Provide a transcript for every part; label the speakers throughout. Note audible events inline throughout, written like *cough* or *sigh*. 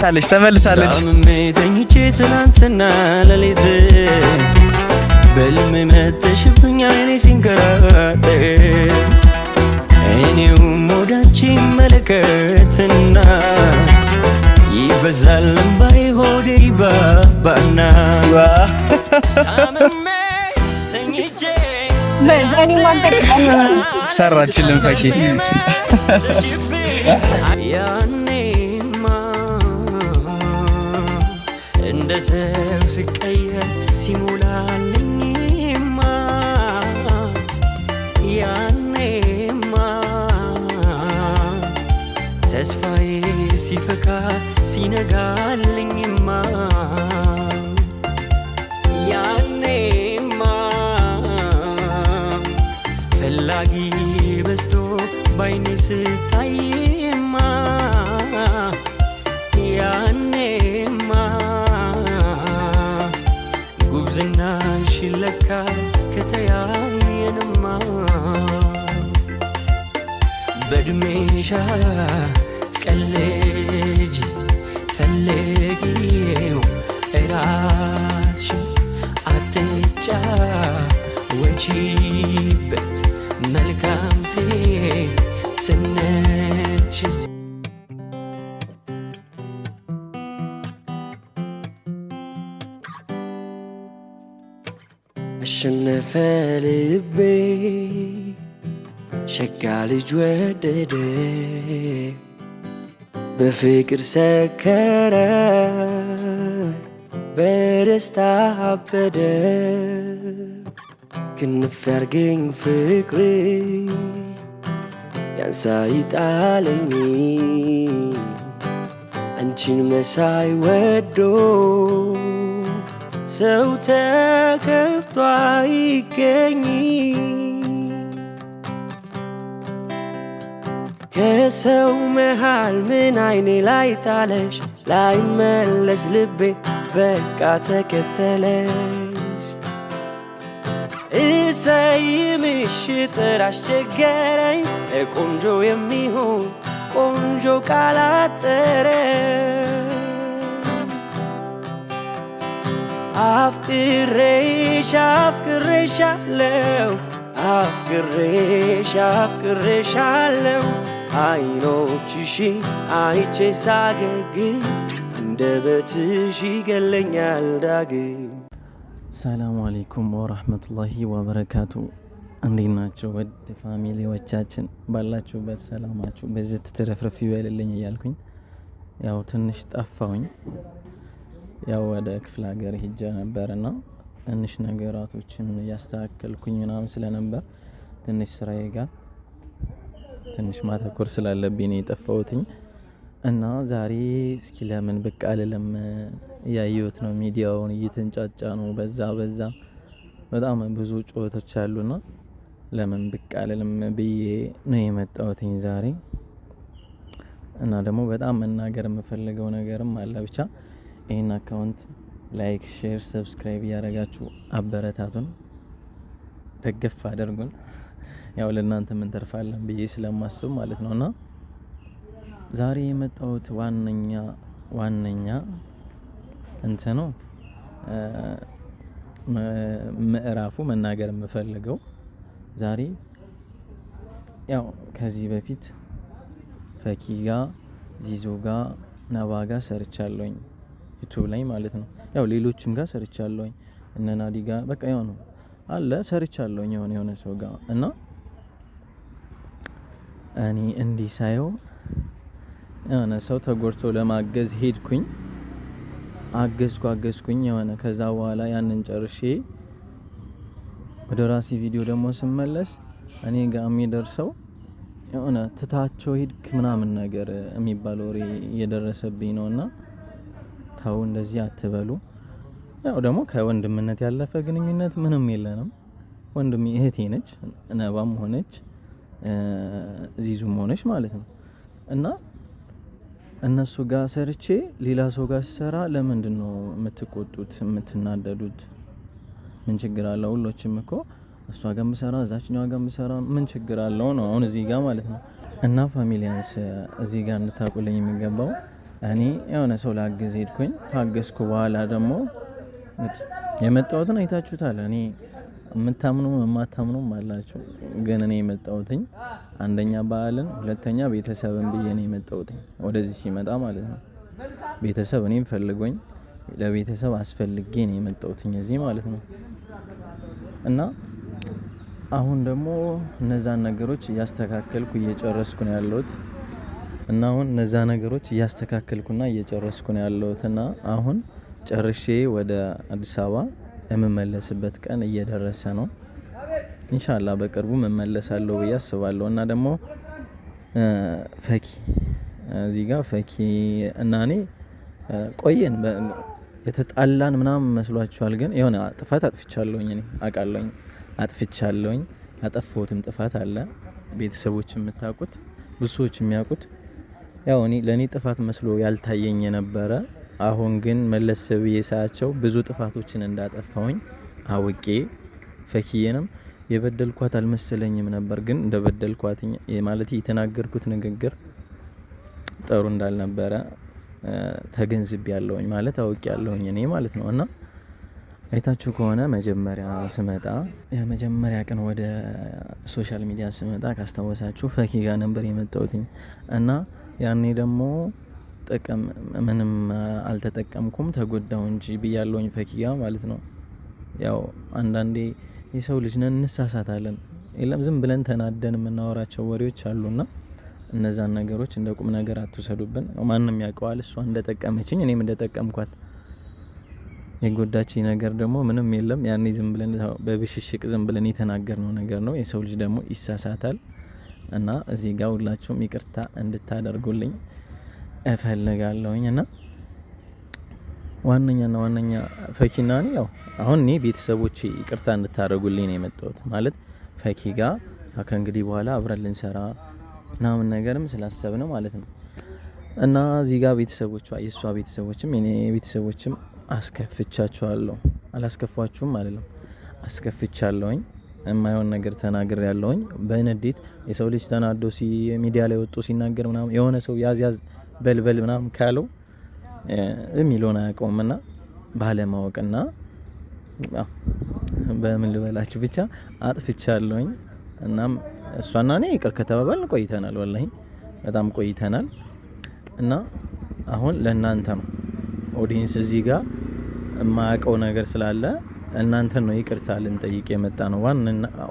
Speaker 1: ተመልሳለች ተመልሳለች።
Speaker 2: ተኝቼ ትናንትና ሌሊት በልሜ መተሽብኛ እኔ ሲንከራተ እኔውም ወዳች መለከትና
Speaker 1: ይበዛል እምባዬ ሆዴ ይባባና ሰራችልን ፈኪ ስም ስቀየር ሲሞላለኝማ ያኔማ ተስፋዬ ሲፈካ ሲነጋልኝማ ያኔማ ፈላጊ
Speaker 2: በድሜሻ ትቀልጅ ፈለጊው እራስሽ አትጫ ወቺበት መልካም ሴትነትሽ አሸነፈ ልቤ የጋ ልጅ ወደደ በፍቅር ሰከረ በደስታ አበደ ክንፍ ያርገኝ ፍቅር ያንሳ ይጣለኝ አንቺን መሳይ ወዶ ሰው ተከፍቷ ይገኝ ከሰው መሃል ምን አይኔ ላይ ጣለሽ ላይመለስ ልቤ በቃ ተከተለሽ። እሰይ ምሽጥር አስቸገረኝ ቆንጆ የሚሆን ቆንጆ ቃላጠረ አፍቅሬሽ አፍቅሬሻለው አፍቅሬሽ አፍቅሬሻለው አይኖችሽን አይቼ ሳገግም
Speaker 1: አንደበትሽ ይገለኛል ዳግም። ሰላሙ አሌይኩም ወራህመቱላሂ ወበረካቱ። እንዴት ናቸው ውድ ፋሚሊዎቻችን? ባላችሁበት ሰላማችሁ በዚህ ትትረፍረፍ ይበልልኝ እያልኩኝ ያው ትንሽ ያው ወደ ክፍለ ሀገር ነበርና ትንሽ ነገራቶችን እያስተካከልኩኝ ምናምን ስለነበር ትንሽ ስራዬ ጋር ትንሽ ማተኮር ስላለብኝ ነው የጠፋሁትኝ። እና ዛሬ እስኪ ለምን ብቅ አልልም እያየሁት ነው፣ ሚዲያውን እየተንጫጫ ነው፣ በዛ በዛ በጣም ብዙ ጩኸቶች አሉና ለምን ብቅ አልልም ብዬ ነው የመጣሁትኝ ዛሬ። እና ደግሞ በጣም መናገር የምፈልገው ነገርም አለ። ብቻ ይህን አካውንት ላይክ፣ ሼር፣ ሰብስክራይብ እያደረጋችሁ አበረታቱን፣ ደገፍ አድርጉን። ያው ምን እንተርፋለን ብዬ ስለማስብ ማለት ነው። እና ዛሬ የመጣሁት ዋነኛ ዋነኛ እንትኑ ምዕራፉ መናገር የምፈልገው ዛሬ ያው ከዚህ በፊት ፈኪ ጋ ዚዞ ጋ ነባ ጋ ሰርቻለሁኝ ዩቱብ ላይ ማለት ነው። ያው ሌሎችም ጋር ሰርቻለሁኝ እነ ጋ በቃ የሆነ አለ ሰርቻለሁኝ የሆነ የሆነ ሰው ጋር እና እኔ እንዲህ ሳየው የሆነ ሰው ተጎድቶ ለማገዝ ሄድኩኝ። አገዝኩ አገዝኩኝ የሆነ ከዛ በኋላ ያንን ጨርሼ ወደ ራሴ ቪዲዮ ደግሞ ስመለስ እኔ ጋር የሚደርሰው የሆነ ትታቸው ሄድክ ምናምን ነገር የሚባል ወሬ እየደረሰብኝ ነው። እና ተው እንደዚህ አትበሉ። ያው ደግሞ ከወንድምነት ያለፈ ግንኙነት ምንም የለንም። ወንድሜ እህቴ ነች፣ ነባም ሆነች እዚህ ዙም ሆነች ማለት ነው እና እነሱ ጋር ሰርቼ ሌላ ሰው ጋር ሲሰራ ለምንድን ነው የምትቆጡት የምትናደዱት? ምን ችግር አለው? ሁሎችም እኮ እሷ ጋር የምሰራ እዛችኛዋ ጋር የምሰራ ምን ችግር አለው ነው አሁን እዚህ ጋር ማለት ነው። እና ፋሚሊያንስ እዚህ ጋር እንድታቁልኝ የሚገባው እኔ የሆነ ሰው ላግዝ ሄድኩኝ። ካገዝኩ በኋላ ደግሞ የመጣሁትን አይታችሁታል እኔ የምታምኑ የማታምኑም አላችሁ። ግን እኔ የመጣሁትኝ አንደኛ በዓልን፣ ሁለተኛ ቤተሰብን ብዬ ነው የመጣሁትኝ ወደዚህ ሲመጣ ማለት ነው። ቤተሰብ እኔም ፈልጎኝ ለቤተሰብ አስፈልጌ እኔ የመጣሁትኝ እዚህ ማለት ነው። እና አሁን ደግሞ እነዛን ነገሮች እያስተካከልኩ እየጨረስኩ ነው ያለሁት እና አሁን እነዛ ነገሮች እያስተካከልኩና እየጨረስኩ ነው ያለሁት እና አሁን ጨርሼ ወደ አዲስ አበባ የምመለስበት ቀን እየደረሰ ነው። እንሻላ በቅርቡ መመለሳለሁ ብዬ አስባለሁ። እና ደግሞ ፈኪ እዚህ ጋር ፈኪ እና እኔ ቆየን የተጣላን ምናምን መስሏችኋል፣ ግን የሆነ ጥፋት አጥፍቻለሁኝ። እኔ አውቃለሁኝ አጥፍቻለሁኝ። ያጠፋሁትም ጥፋት አለ፣ ቤተሰቦች የምታውቁት ብዙ ሰዎች የሚያውቁት ያው እኔ ለእኔ ጥፋት መስሎ ያልታየኝ የነበረ አሁን ግን መለስ ብዬ ሳያቸው ብዙ ጥፋቶችን እንዳጠፋውኝ አውቄ ፈኪየንም የበደልኳት አልመሰለኝም ነበር። ግን እንደ በደልኳት ማለት የተናገርኩት ንግግር ጥሩ እንዳልነበረ ተገንዝብ ያለውኝ ማለት አውቄ ያለውኝ እኔ ማለት ነው። እና አይታችሁ ከሆነ መጀመሪያ ስመጣ የመጀመሪያ ቀን ወደ ሶሻል ሚዲያ ስመጣ ካስታወሳችሁ ፈኪ ጋር ነበር የመጣሁትኝ እና ያኔ ደግሞ አልጠቀም ምንም አልተጠቀምኩም ተጎዳሁ እንጂ ብያለውኝ ፈኪያ ማለት ነው። ያው አንዳንዴ የሰው ልጅ ነን እንሳሳታለን። የለም ዝም ብለን ተናደን የምናወራቸው ወሬዎች አሉና እነዛን ነገሮች እንደ ቁም ነገር አትውሰዱብን። ማንም ያውቀዋል። እሷ እንደጠቀመችኝ እኔም እንደጠቀምኳት። የጎዳችኝ ነገር ደግሞ ምንም የለም። ያኔ ዝም ብለን በብሽሽቅ ዝም ብለን የተናገርነው ነገር ነው። የሰው ልጅ ደግሞ ይሳሳታል እና እዚህ ጋር ሁላችሁም ይቅርታ እንድታደርጉልኝ እፈልጋለሁኝ እና ዋነኛና ዋነኛ ፈኪና እኔ ያው አሁን እኔ ቤተሰቦች ይቅርታ እንድታደርጉልኝ ነው የመጣሁት። ማለት ፈኪ ጋር ከእንግዲህ በኋላ አብረን ልንሰራ ምናምን ነገርም ስላሰብ ነው ማለት ነው እና እዚህ ጋር ቤተሰቦቿ የእሷ ቤተሰቦችም የኔ ቤተሰቦችም አስከፍቻቸዋለሁ። አላስከፏችሁም አይደለም፣ አስከፍቻለሁኝ። የማይሆን ነገር ተናግር ያለውኝ በንዴት የሰው ልጅ ተናዶ ሚዲያ ላይ ወጡ ሲናገር ምናምን የሆነ ሰው ያዝ ያዝ በልበል ምናምን ካለው የሚለውን አያውቀውም እና ባለማወቅና በምን ልበላችሁ ብቻ አጥፍቻለሁኝ። እናም እሷና እኔ ይቅር ከተባባልን ቆይተናል፣ ወላሂ በጣም ቆይተናል። እና አሁን ለእናንተ ነው ኦዲንስ እዚህ ጋር የማያውቀው ነገር ስላለ እናንተ ነው ይቅርታ ልንጠይቅ የመጣ ነው።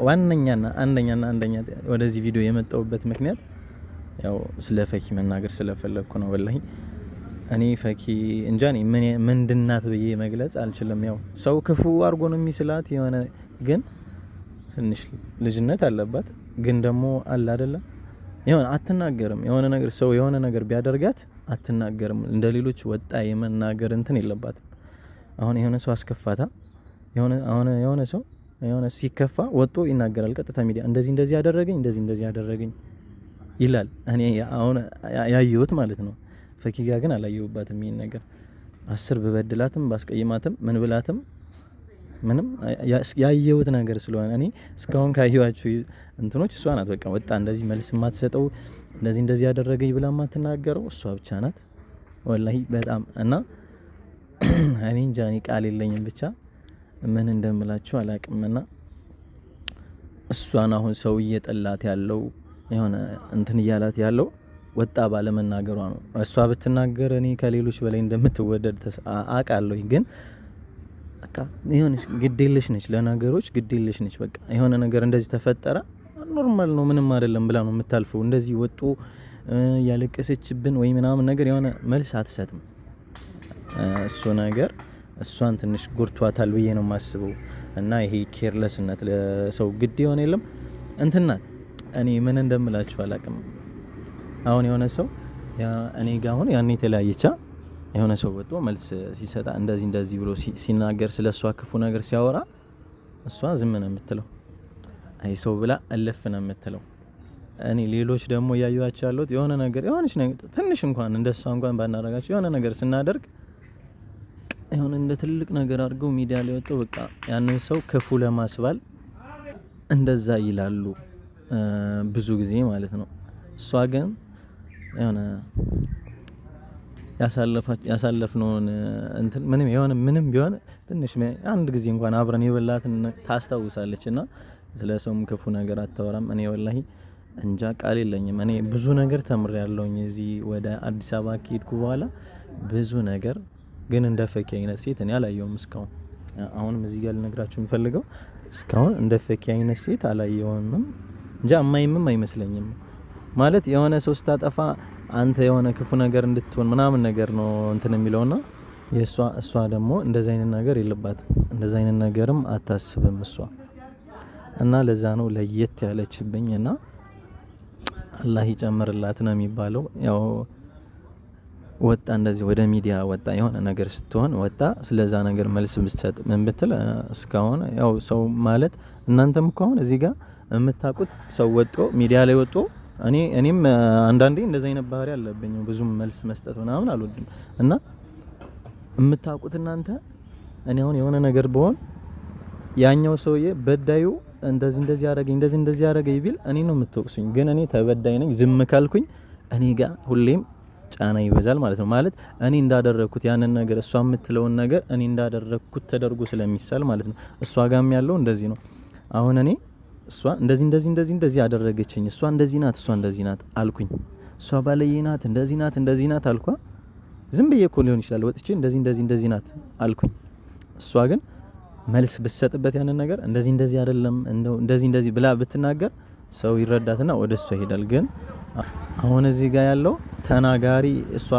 Speaker 1: ዋነኛና አንደኛና አንደኛ ወደዚህ ቪዲዮ የመጣውበት ምክንያት ያው ስለ ፈኪ መናገር ስለፈለግኩ ነው። በላይ እኔ ፈኪ እንጃ ምንድናት ብዬ መግለጽ አልችልም። ያው ሰው ክፉ አድርጎ ነው የሚስላት የሆነ ግን ትንሽ ልጅነት አለባት። ግን ደግሞ አለ አይደለም የሆነ አትናገርም። የሆነ ነገር ሰው የሆነ ነገር ቢያደርጋት አትናገርም። እንደ ሌሎች ወጣ የመናገር እንትን የለባትም። አሁን የሆነ ሰው አስከፋታ የሆነ ሰው የሆነ ሲከፋ ወጦ ይናገራል። ቀጥታ ሚዲያ እንደዚህ እንደዚህ ያደረገኝ እንደዚህ እንደዚህ ያደረገኝ ይላል። እኔ አሁን ያየሁት ማለት ነው። ፈኪጋ ግን አላየሁባትም ይሄን ነገር። አስር ብበድላትም ባስቀይማትም ምን ብላትም ምንም ያየሁት ነገር ስለሆነ እኔ እስካሁን ካየኋቸው እንትኖች እሷ ናት። በቃ ወጣ እንደዚህ መልስ የማትሰጠው እንደዚህ እንደዚህ ያደረገኝ ብላ የማትናገረው እሷ ብቻ ናት። ወላሂ በጣም እና *clears throat* እኔ እንጃ እኔ ቃል የለኝም ብቻ ምን እንደምላችሁ አላቅምና እሷን አሁን ሰው እየጠላት ያለው የሆነ እንትን እያላት ያለው ወጣ ባለመናገሯ ነው። እሷ ብትናገር እኔ ከሌሎች በላይ እንደምትወደድ አውቃለሁ። ግን በቃ የሆነች ግዴለሽ ነች፣ ለነገሮች ግዴለሽ ነች። በቃ የሆነ ነገር እንደዚህ ተፈጠረ፣ ኖርማል ነው፣ ምንም አይደለም ብላ ነው የምታልፈው። እንደዚህ ወጡ ያለቀሰችብን ወይ ምናምን ነገር የሆነ መልስ አትሰጥም። እሱ ነገር እሷን ትንሽ ጎድቷታል ብዬ ነው የማስበው። እና ይሄ ኬርለስነት ለሰው ግድ የሆነ የለም እንትናት እኔ ምን እንደምላችሁ አላቅም። አሁን የሆነ ሰው እኔ ጋ አሁን ያን የተለያየቻ የሆነ ሰው ወጥቶ መልስ ሲሰጣ እንደዚህ እንደዚህ ብሎ ሲናገር ስለ እሷ ክፉ ነገር ሲያወራ እሷ ዝም ነው የምትለው። አይ ሰው ብላ እልፍ ነው የምትለው። እኔ ሌሎች ደግሞ እያዩዋቸው ያለሁት የሆነ ነገር የሆነች ትንሽ እንኳን እንደ እሷ እንኳን ባናረጋቸው የሆነ ነገር ስናደርግ የሆነ እንደ ትልቅ ነገር አድርገው ሚዲያ ላይ ወጥቶ በቃ ያንን ሰው ክፉ ለማስባል እንደዛ ይላሉ። ብዙ ጊዜ ማለት ነው። እሷ ግን የሆነ ያሳለፍነውን እንትን ምንም የሆነ ምንም ቢሆን ትንሽ አንድ ጊዜ እንኳን አብረን የበላትን ታስታውሳለች። እና ስለ ሰውም ክፉ ነገር አታወራም። እኔ ወላሂ እንጃ ቃል የለኝም። እኔ ብዙ ነገር ያለውኝ እዚህ ወደ አዲስ አበባ ከሄድኩ በኋላ ብዙ ነገር ግን እንደ ፈኪ አይነት ሴት እኔ አላየውም እስካሁን። አሁንም እዚህ ጋር ልነግራችሁ የምፈልገው እስካሁን እንደ ፈኪ አይነት ሴት አላየሁም። እንጃ አማኝምም አይመስለኝም። ማለት የሆነ ሰው ስታጠፋ አንተ የሆነ ክፉ ነገር እንድትሆን ምናምን ነገር ነው እንትን የሚለውና የእሷ እሷ ደግሞ እንደዚ አይነት ነገር የለባትም። እንደዚ አይነት ነገርም አታስብም እሷ እና ለዛ ነው ለየት ያለችብኝ እና አላህ ይጨምርላት ነው የሚባለው። ያው ወጣ እንደዚህ ወደ ሚዲያ ወጣ የሆነ ነገር ስትሆን ወጣ ስለዛ ነገር መልስ ብትሰጥ ምን ብትል እስካሁን ያው ሰው ማለት እናንተም እኮ አሁን እዚህ ጋር የምታውቁት ሰው ወጦ ሚዲያ ላይ ወጦ እኔ እኔም አንዳንዴ እንደዚህ አይነት ባህሪ አለብኝ። ብዙም መልስ መስጠት ምናምን አልወድም እና የምታውቁት እናንተ እኔ አሁን የሆነ ነገር በሆን ያኛው ሰውዬ በዳዩ እንደዚህ እንደዚህ አረገኝ እንደዚህ እንደዚህ ያደረገኝ ቢል እኔ ነው የምትወቅሱኝ። ግን እኔ ተበዳይ ነኝ። ዝም ካልኩኝ እኔ ጋር ሁሌም ጫና ይበዛል ማለት ነው። ማለት እኔ እንዳደረግኩት ያንን ነገር እሷ የምትለውን ነገር እኔ እንዳደረግኩት ተደርጎ ስለሚሳል ማለት ነው። እሷ ጋም ያለው እንደዚህ ነው። አሁን እኔ እሷ እንደዚህ እንደዚህ እንደዚህ እንደዚህ አደረገችኝ፣ እሷ እንደዚህ ናት፣ እሷ እንደዚህ ናት አልኩኝ፣ እሷ ባለየ ናት፣ እንደዚህ ናት፣ እንደዚህ ናት አልኳ። ዝም ብዬ እኮ ሊሆን ይችላል ወጥቼ እንደዚህ እንደዚህ እንደዚህ ናት አልኩኝ። እሷ ግን መልስ ብትሰጥበት ያንን ነገር እንደዚህ እንደዚህ አይደለም እንደዚህ እንደዚህ ብላ ብትናገር ሰው ይረዳትና ወደ እሷ ይሄዳል። ግን አሁን እዚህ ጋር ያለው ተናጋሪ እሷ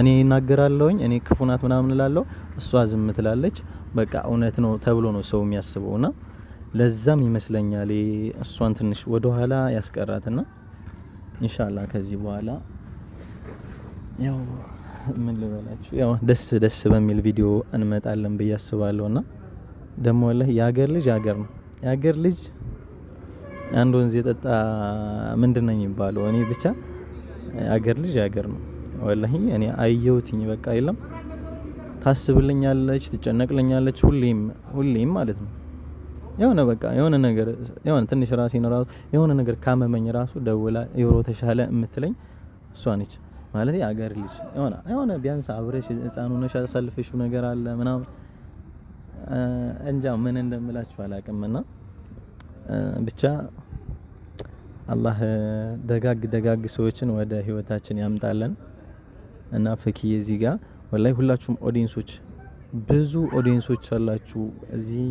Speaker 1: እኔ ይናገራለሁኝ እኔ ክፉ ናት ምናምን ላለው እሷ ዝም ትላለች። በቃ እውነት ነው ተብሎ ነው ሰው የሚያስበውና ለዛም ይመስለኛል እሷን ትንሽ ወደ ኋላ ያስቀራትና ኢንሻላ ከዚህ በኋላ ያው ምን ልበላችሁ ያው ደስ ደስ በሚል ቪዲዮ እንመጣለን ብዬ አስባለሁ። እና ደግሞ ወላሂ የሀገር ልጅ ሀገር ነው። የሀገር ልጅ አንድ ወንዝ የጠጣ ምንድን ነው የሚባለው? እኔ ብቻ የሀገር ልጅ ሀገር ነው ወላሂ። እኔ አየሁትኝ በቃ የለም ታስብልኛለች፣ ትጨነቅልኛለች ሁሌም ሁሌም ማለት ነው የሆነ በቃ የሆነ ነገር የሆነ ትንሽ ራሴን ራሱ የሆነ ነገር ካመመኝ ራሱ ደውላ ዩሮ ተሻለ የምትለኝ እሷ ነች ማለት አገር ልጅ የሆነ የሆነ ቢያንስ አብረሽ ህፃን ሆነሽ ያሳልፈሽው ነገር አለ ምናምን እንጃ ምን እንደምላችሁ አላውቅም። እና ብቻ አላህ ደጋግ ደጋግ ሰዎችን ወደ ህይወታችን ያምጣለን። እና ፈኪ እዚህ ጋር ወላይ ሁላችሁም ኦዲየንሶች ብዙ ኦዲየንሶች አላችሁ እዚህ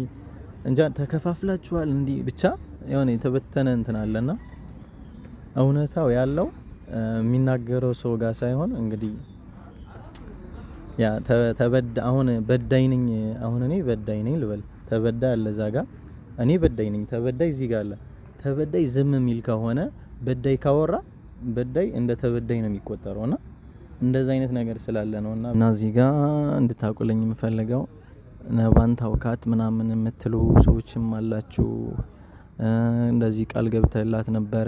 Speaker 1: እንጃ ተከፋፍላችኋል። እንዲህ ብቻ የሆነ የተበተነ እንትን አለና እውነታው ያለው የሚናገረው ሰው ጋር ሳይሆን እንግዲህ ያ ተበዳ አሁን በዳይ ነኝ አሁን እኔ በዳይ ነኝ ልበል ተበዳ አለ እዛ እኔ በዳይ ነኝ ተበዳይ እዚህ ጋር አለ ተበዳይ ዝም የሚል ከሆነ በዳይ ካወራ በዳይ እንደ ተበዳይ ነው የሚቆጠረውና እንደዛ አይነት ነገር ስላለ ነውና እና እዚህ ጋር እንድታቁልኝ የምፈልገው ነባን ታውካት ምናምን የምትሉ ሰዎችም አላችሁ። እንደዚህ ቃል ገብተላት ነበረ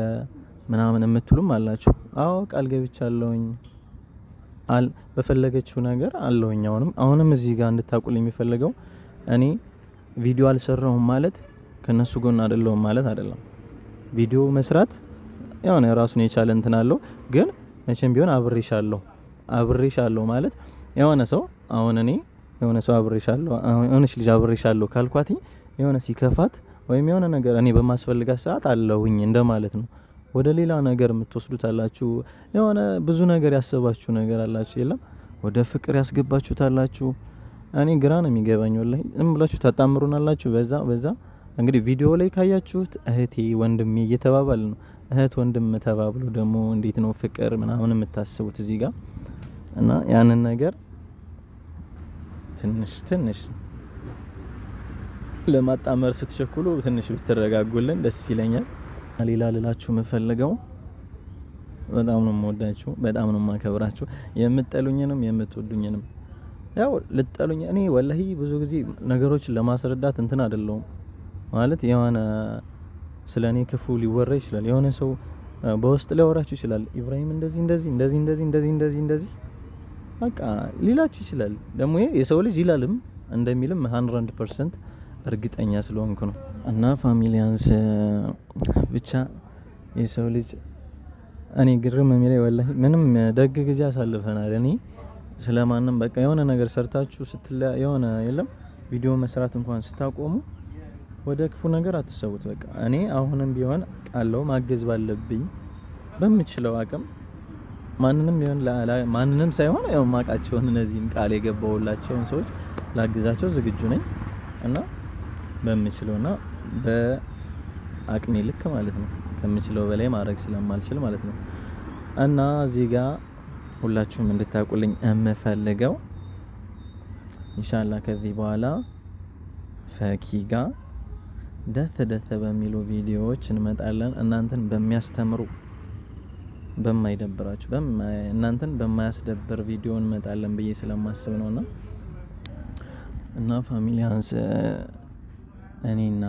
Speaker 1: ምናምን የምትሉም አላችሁ። አዎ ቃል ገብቻለሁኝ። በፈለገችው ነገር አለሁኝ። አሁንም አሁንም እዚህ ጋር እንድታቁል የሚፈልገው እኔ ቪዲዮ አልሰራሁም ማለት ከነሱ ጎን አይደለሁም ማለት አይደለም። ቪዲዮ መስራት የሆነ ራሱን የቻለ እንትን አለው። ግን መቼም ቢሆን አብሬሻለሁ አብሬሻለሁ ማለት የሆነ ሰው አሁን እኔ የሆነ ሰው አብሬሻለሁ የሆነች ልጅ አብሬሻለሁ ካልኳት የሆነ ሲከፋት ወይም የሆነ ነገር እኔ በማስፈልጋት ሰዓት አለሁኝ እንደማለት ነው። ወደ ሌላ ነገር የምትወስዱት አላችሁ። የሆነ ብዙ ነገር ያሰባችሁ ነገር አላችሁ የለም ወደ ፍቅር ያስገባችሁት አላችሁ። እኔ ግራ ነው የሚገባኝ ወላሂ። ዝም ብላችሁ ታጣምሩናላችሁ። በዛ በዛ እንግዲህ ቪዲዮ ላይ ካያችሁት እህቴ ወንድሜ እየተባባል ነው። እህት ወንድም ተባብሎ ደግሞ እንዴት ነው ፍቅር ምናምን የምታስቡት እዚህ ጋር እና ያንን ነገር ትንሽ ትንሽ ለማጣመር ስትቸኩሉ ትንሽ ብትረጋጉልን ደስ ይለኛል። ሌላ ልላችሁ የምፈልገው በጣም ነው የምወዳችሁ፣ በጣም ነው የማከብራችሁ። የምጠሉኝንም የምትወዱኝንም ያው ልጠሉኝ እኔ ወላሂ ብዙ ጊዜ ነገሮችን ለማስረዳት እንትን አይደለሁም ማለት የሆነ ስለ እኔ ክፉ ሊወራ ይችላል። የሆነ ሰው በውስጥ ሊያወራችሁ ይችላል። ኢብራሂም እንደዚህ እንደዚህ እንደዚህ እንደዚህ እንደዚህ እንደዚህ እንደዚህ በቃ ሊላችሁ ይችላል። ደግሞ የሰው ልጅ ይላልም እንደሚልም 100 ፐርሰንት እርግጠኛ ስለሆንኩ ነው። እና ፋሚሊያንስ ብቻ የሰው ልጅ እኔ ግርም የሚለኝ ወላሂ ምንም ደግ ጊዜ አሳልፈናል። እኔ ስለማንም በቃ የሆነ ነገር ሰርታችሁ ስትለ የሆነ የለም ቪዲዮ መስራት እንኳን ስታቆሙ ወደ ክፉ ነገር አትሰውት። በቃ እኔ አሁንም ቢሆን ቃለው ማገዝ ባለብኝ በምችለው አቅም ማንንም ቢሆን ማንንም ሳይሆን ያው ማቃቸውን እነዚህን ቃል የገባውላቸውን ሰዎች ላግዛቸው ዝግጁ ነኝ እና በምችለውና በአቅሜ ልክ ማለት ነው። ከምችለው በላይ ማድረግ ስለማልችል ማለት ነው። እና እዚህ ጋር ሁላችሁም እንድታውቁልኝ የምፈልገው ኢንሻላ ከዚህ በኋላ ፈኪ ጋር ደተ ደተ በሚሉ ቪዲዮዎች እንመጣለን እናንተን በሚያስተምሩ በማይደብራችሁ እናንተን በማያስደብር ቪዲዮ እንመጣለን ብዬ ስለማስብ ነው። እና እና ፋሚሊያንስ እኔና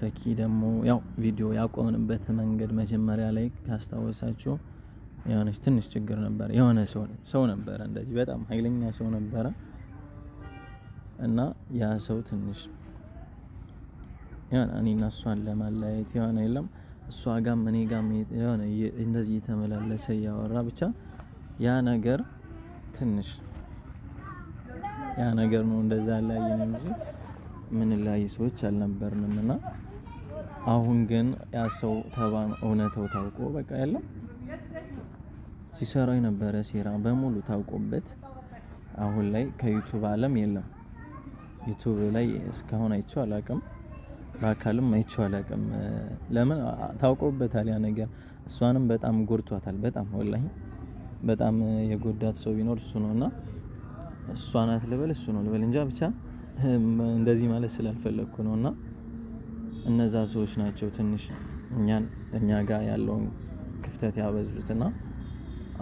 Speaker 1: ፈኪ ደግሞ ያው ቪዲዮ ያቆምንበት መንገድ መጀመሪያ ላይ ካስታወሳችሁ የሆነች ትንሽ ችግር ነበረ። የሆነ ሰው ሰው ነበረ እንደዚህ በጣም ኃይለኛ ሰው ነበረ እና ያ ሰው ትንሽ የሆነ እኔና እሷን ለማለያየት የሆነ የለም እሷ ጋም እኔ ጋም የሆነ እንደዚህ እየተመላለሰ እያወራ ብቻ ያ ነገር ትንሽ ያ ነገር ነው። እንደዛ ላይ እንጂ ምን ላይ ሰዎች አልነበርንም። እና አሁን ግን ያ ሰው ተባን እውነተው ታውቆ በቃ ያለም ሲሰራው የነበረ ሴራ በሙሉ ታውቆበት አሁን ላይ ከዩቱብ አለም የለም። ዩቱብ ላይ እስካሁን አይቼው አላቅም። በአካልም አይቼው አላውቅም። ለምን ታውቆበታል ያ ነገር እሷንም በጣም ጎድቷታል። በጣም ወላሂ በጣም የጎዳት ሰው ቢኖር እሱ ነው እና እሷ ናት ልበል እሱ ነው ልበል እንጃ ብቻ እንደዚህ ማለት ስላልፈለግኩ ነው እና እነዛ ሰዎች ናቸው ትንሽ እኛን እኛ ጋር ያለውን ክፍተት ያበዙትና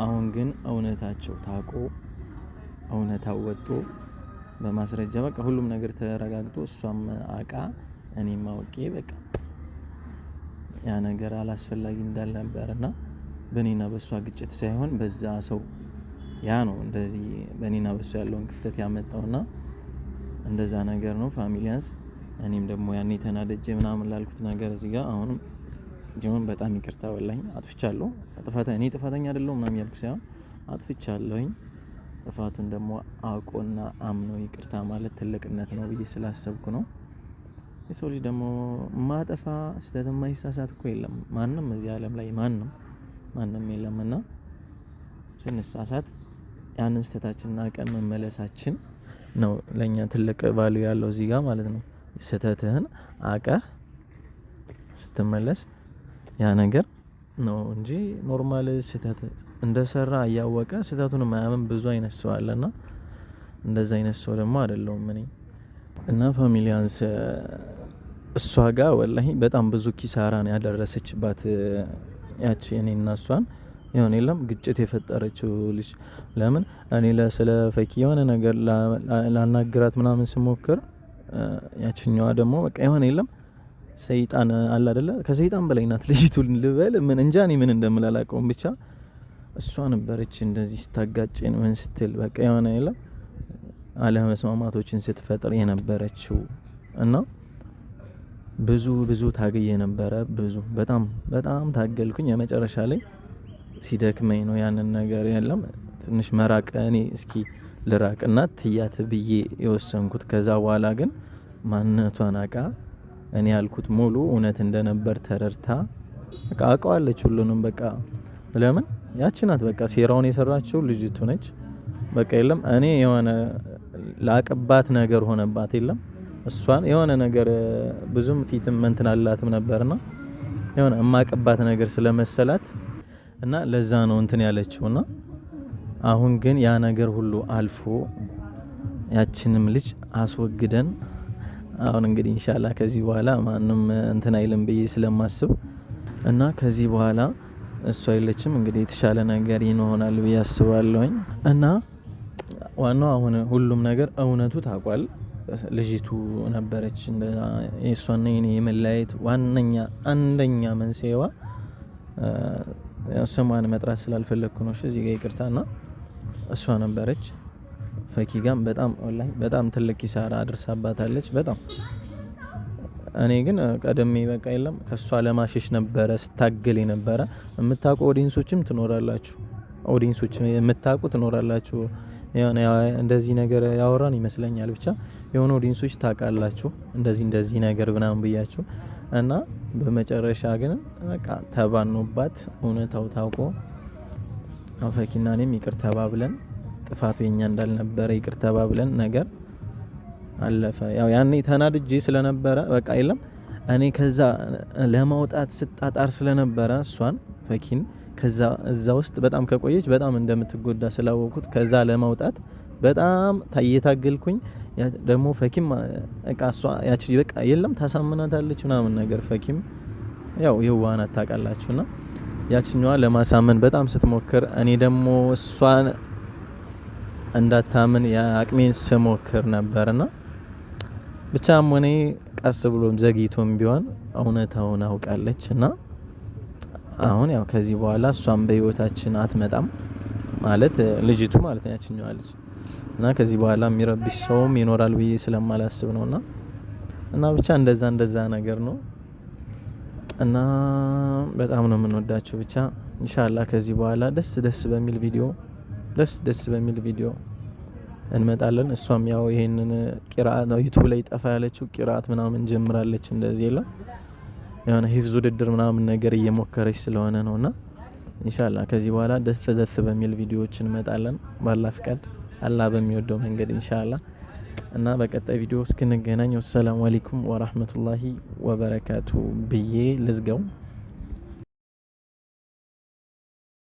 Speaker 1: አሁን ግን እውነታቸው ታቆ እውነታው ወጥቶ በማስረጃ በቃ ሁሉም ነገር ተረጋግጦ እሷም አቃ እኔም አውቄ በቃ ያ ነገር አላስፈላጊ እንዳልነበር እና በእኔና በእሷ ግጭት ሳይሆን በዛ ሰው ያ ነው እንደዚህ በእኔና በሱ ያለውን ክፍተት ያመጣውና እንደዛ ነገር ነው ፋሚሊያንስ። እኔም ደግሞ ያኔ ተናደጀ ምናምን ላልኩት ነገር እዚህ ጋር አሁንም ጆን በጣም ይቅርታ በላኝ አጥፍቻለሁ። ጥፋት እኔ ጥፋተኛ አይደለሁ ምናምን ያልኩ ሳይሆን አጥፍቻለሁኝ። ጥፋቱን ደግሞ አውቆና አምኖ ይቅርታ ማለት ትልቅነት ነው ብዬ ስላሰብኩ ነው። የሰው ልጅ ደግሞ ማጠፋ ስህተት የማይሳሳት እኮ የለም። ማንም እዚህ ዓለም ላይ ማንም ማንም የለም እና ስንሳሳት ያንን ስህተታችንን አውቀን መመለሳችን ነው ለእኛ ትልቅ ቫሉ ያለው እዚህ ጋር ማለት ነው። ስህተትህን አውቀህ ስትመለስ ያ ነገር ነው እንጂ ኖርማል ስህተት እንደሰራ እያወቀ ስህተቱን ማያምን ብዙ አይነት ሰው አለና እንደዚ አይነት ሰው ደግሞ አይደለሁም እኔ እና ፋሚሊያንስ እሷ ጋር ወላሂ በጣም ብዙ ኪሳራ ነው ያደረሰችባት። ያቺ እኔ እና እሷን የሆነ የለም ግጭት የፈጠረችው ልጅ ለምን እኔ ስለ ፈኪ የሆነ ነገር ላናግራት ምናምን ስሞክር ያችኛዋ ደግሞ በቃ የሆነ የለም ሰይጣን አለ አደለ ከሰይጣን በላይ ናት ልጅቱ ልበል ምን እንጃ እኔ ምን እንደምላላቀውም ብቻ እሷ ነበረች እንደዚህ ስታጋጭን ምን ስትል በቃ የሆነ የለም አለመስማማቶችን ስትፈጥር የነበረችው እና ብዙ ብዙ ታግዬ ነበረ። ብዙ በጣም በጣም ታገልኩኝ። የመጨረሻ ላይ ሲደክመኝ ነው ያንን ነገር የለም ትንሽ መራቅ እኔ እስኪ ልራቅና ትያት ብዬ የወሰንኩት። ከዛ በኋላ ግን ማንነቷን አቃ እኔ ያልኩት ሙሉ እውነት እንደነበር ተረድታ በቃ አውቀዋለች ሁሉንም። በቃ ለምን ያቺ ናት በቃ ሴራውን የሰራችው ልጅቱ ነች። በቃ የለም እኔ የሆነ ላቅባት ነገር ሆነባት የለም እሷን የሆነ ነገር ብዙም ፊትም እንትን አላትም ነበርና የሆነ እማቅባት ነገር ስለመሰላት እና ለዛ ነው እንትን ያለችውና አሁን ግን ያ ነገር ሁሉ አልፎ ያችንም ልጅ አስወግደን አሁን እንግዲህ እንሻላ ከዚህ በኋላ ማንም እንትን አይልም ብዬ ስለማስብ እና ከዚህ በኋላ እሷ የለችም እንግዲህ የተሻለ ነገር ይሆናል ብዬ አስባለሁኝ። እና ዋናው አሁን ሁሉም ነገር እውነቱ ታውቋል። ልጅቱ ነበረች። እሷና የኔ የመለያየት ዋነኛ አንደኛ መንስኤዋ ስሟን መጥራት ስላልፈለግኩ ነው። እዚህ ጋ ይቅርታ ና እሷ ነበረች። ጋም በጣም ላይ በጣም ትልቅ ኪሳራ አድርሳባታለች። በጣም እኔ ግን ቀደሜ በቃ የለም ከእሷ ለማሸሽ ነበረ ስታግል ነበረ። የምታውቁ ኦዲንሶችም ትኖራላችሁ፣ ኦዲንሶች የምታውቁ ትኖራላችሁ። እንደዚህ ነገር ያወራን ይመስለኛል ብቻ የሆነ ኦዲንሶች ታውቃላችሁ እንደዚህ እንደዚህ ነገር ምናምን ብያችሁ እና በመጨረሻ ግን በቃ ተባኖባት እውነታው ታውቆ አፈኪና እኔም ይቅር ተባብለን ጥፋቱ የኛ እንዳልነበረ ይቅር ተባብለን ነገር አለፈ። ያው ያኔ ተናድጄ ስለነበረ በቃ የለም እኔ ከዛ ለማውጣት ስጣጣር ስለነበረ እሷን ፈኪን ከዛ እዛ ውስጥ በጣም ከቆየች በጣም እንደምትጎዳ ስላወቁት ከዛ ለማውጣት በጣም እየታገልኩኝ ደግሞ ፈኪም በቃ እሷ ያቺ በቃ የለም ታሳምናታለች ምናምን ነገር ፈኪም ያው የዋህ ናት ታውቃላችሁ። ያችኛዋ ለማሳመን በጣም ስትሞክር እኔ ደግሞ እሷን እንዳታምን የአቅሜን ስሞክር ነበርና ብቻም ሆኔ ቀስ ብሎም ዘግይቶም ቢሆን እውነታውን አውቃለች እና አሁን ያው ከዚህ በኋላ እሷም በህይወታችን አትመጣም ማለት ልጅቱ ማለት ያችኛዋ ልጅ እና ከዚህ በኋላ የሚረብሽ ሰውም ይኖራል ብዬ ስለማላስብ ነው እና እና ብቻ እንደዛ እንደዛ ነገር ነው እና በጣም ነው የምንወዳችሁ። ብቻ እንሻላ ከዚህ በኋላ ደስ ደስ በሚል ቪዲዮ ደስ ደስ በሚል ቪዲዮ እንመጣለን። እሷም ያው ይሄንን ቂራአት ነው ዩቱብ ላይ ጠፋ ያለችው ቂራአት ምናምን ጀምራለች። እንደዚህ የለም የሆነ ሂፍዝ ውድድር ምናምን ነገር እየሞከረች ስለሆነ ነው እና ኢንሻላህ ከዚህ በኋላ ደስ ደስ በሚል ቪዲዮዎች እንመጣለን ባላ ፍቃድ አላህ በሚወደው መንገድ ኢንሻአላ እና በቀጣይ ቪዲዮ እስክንገናኝ ወሰላሙ አለይኩም ወራህመቱላሂ ወበረካቱ ብዬ ልዝገው።